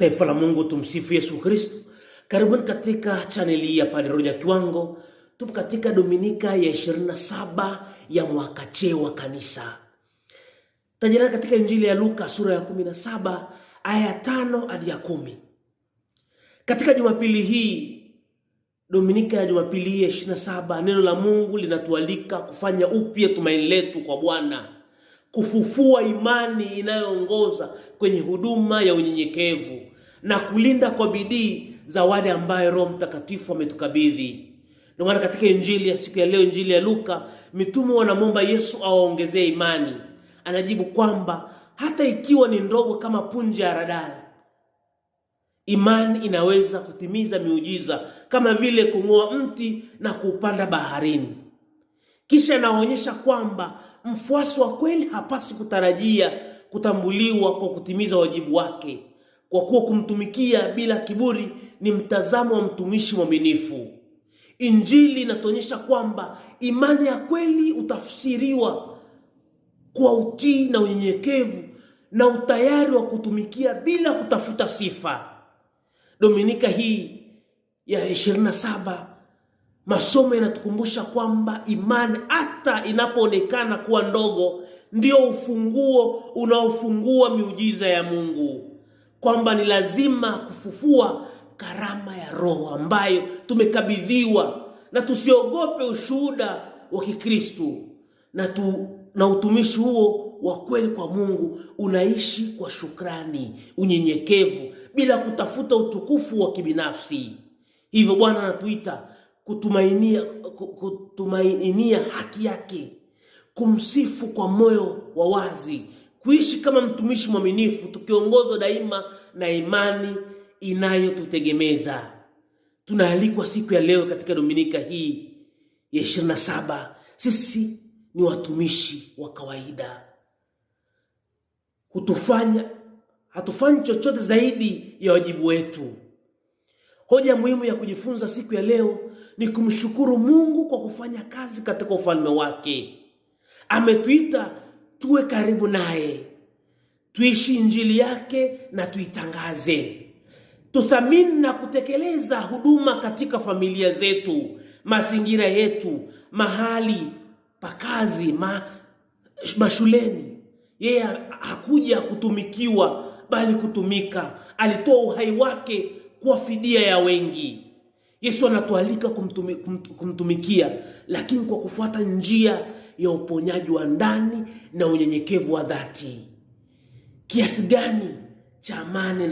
Taifa la Mungu, tumsifu Yesu Kristo. Karibuni katika chaneli ya Padre Roger Kiwango. Tupo katika Dominika ya 27 ya mwaka C wa kanisa. tajirani katika Injili ya Luka sura ya 17 aya ya 5 hadi ya kumi. Katika Jumapili hii, Dominika ya Jumapili hii ya 27, neno la Mungu linatualika kufanya upya tumaini letu kwa Bwana kufufua imani inayoongoza kwenye huduma ya unyenyekevu na kulinda kwa bidii zawadi ambayo Roho Mtakatifu ametukabidhi. Ndio maana katika injili ya siku ya leo, injili ya Luka, mitume wanamwomba Yesu awaongezee imani. Anajibu kwamba hata ikiwa ni ndogo kama punje ya haradali, imani inaweza kutimiza miujiza kama vile kung'oa mti na kuupanda baharini. Kisha naonyesha kwamba mfuasi wa kweli hapasi kutarajia kutambuliwa kwa kutimiza wajibu wake, kwa kuwa kumtumikia bila kiburi ni mtazamo wa mtumishi mwaminifu. Injili inatuonyesha kwamba imani ya kweli utafsiriwa kwa utii na unyenyekevu na utayari wa kutumikia bila kutafuta sifa. Dominika hii ya 27 Masomo yanatukumbusha kwamba imani hata inapoonekana kuwa ndogo ndio ufunguo unaofungua miujiza ya Mungu, kwamba ni lazima kufufua karama ya Roho ambayo tumekabidhiwa na tusiogope ushuhuda wa Kikristo na, tu, na utumishi huo wa kweli kwa Mungu unaishi kwa shukrani, unyenyekevu, bila kutafuta utukufu wa kibinafsi. Hivyo Bwana anatuita kutumainia, kutumainia haki yake, kumsifu kwa moyo wa wazi, kuishi kama mtumishi mwaminifu, tukiongozwa daima na imani inayotutegemeza. Tunaalikwa siku ya leo katika Dominika hii ya saba sisi ni watumishi wa kawaida, hutufanya hatufanyi chochote zaidi ya wajibu wetu. Hoja muhimu ya kujifunza siku ya leo ni kumshukuru Mungu kwa kufanya kazi katika ufalme wake. Ametuita tuwe karibu naye, tuishi injili yake na tuitangaze. Tuthamini na kutekeleza huduma katika familia zetu, mazingira yetu, mahali pa kazi, ma, mashuleni. Yeye hakuja kutumikiwa bali kutumika. Alitoa uhai wake kwa fidia ya wengi. Yesu anatualika kumtumi, kumtumikia lakini kwa kufuata njia ya uponyaji wa ndani na unyenyekevu wa dhati. Kiasi gani cha amani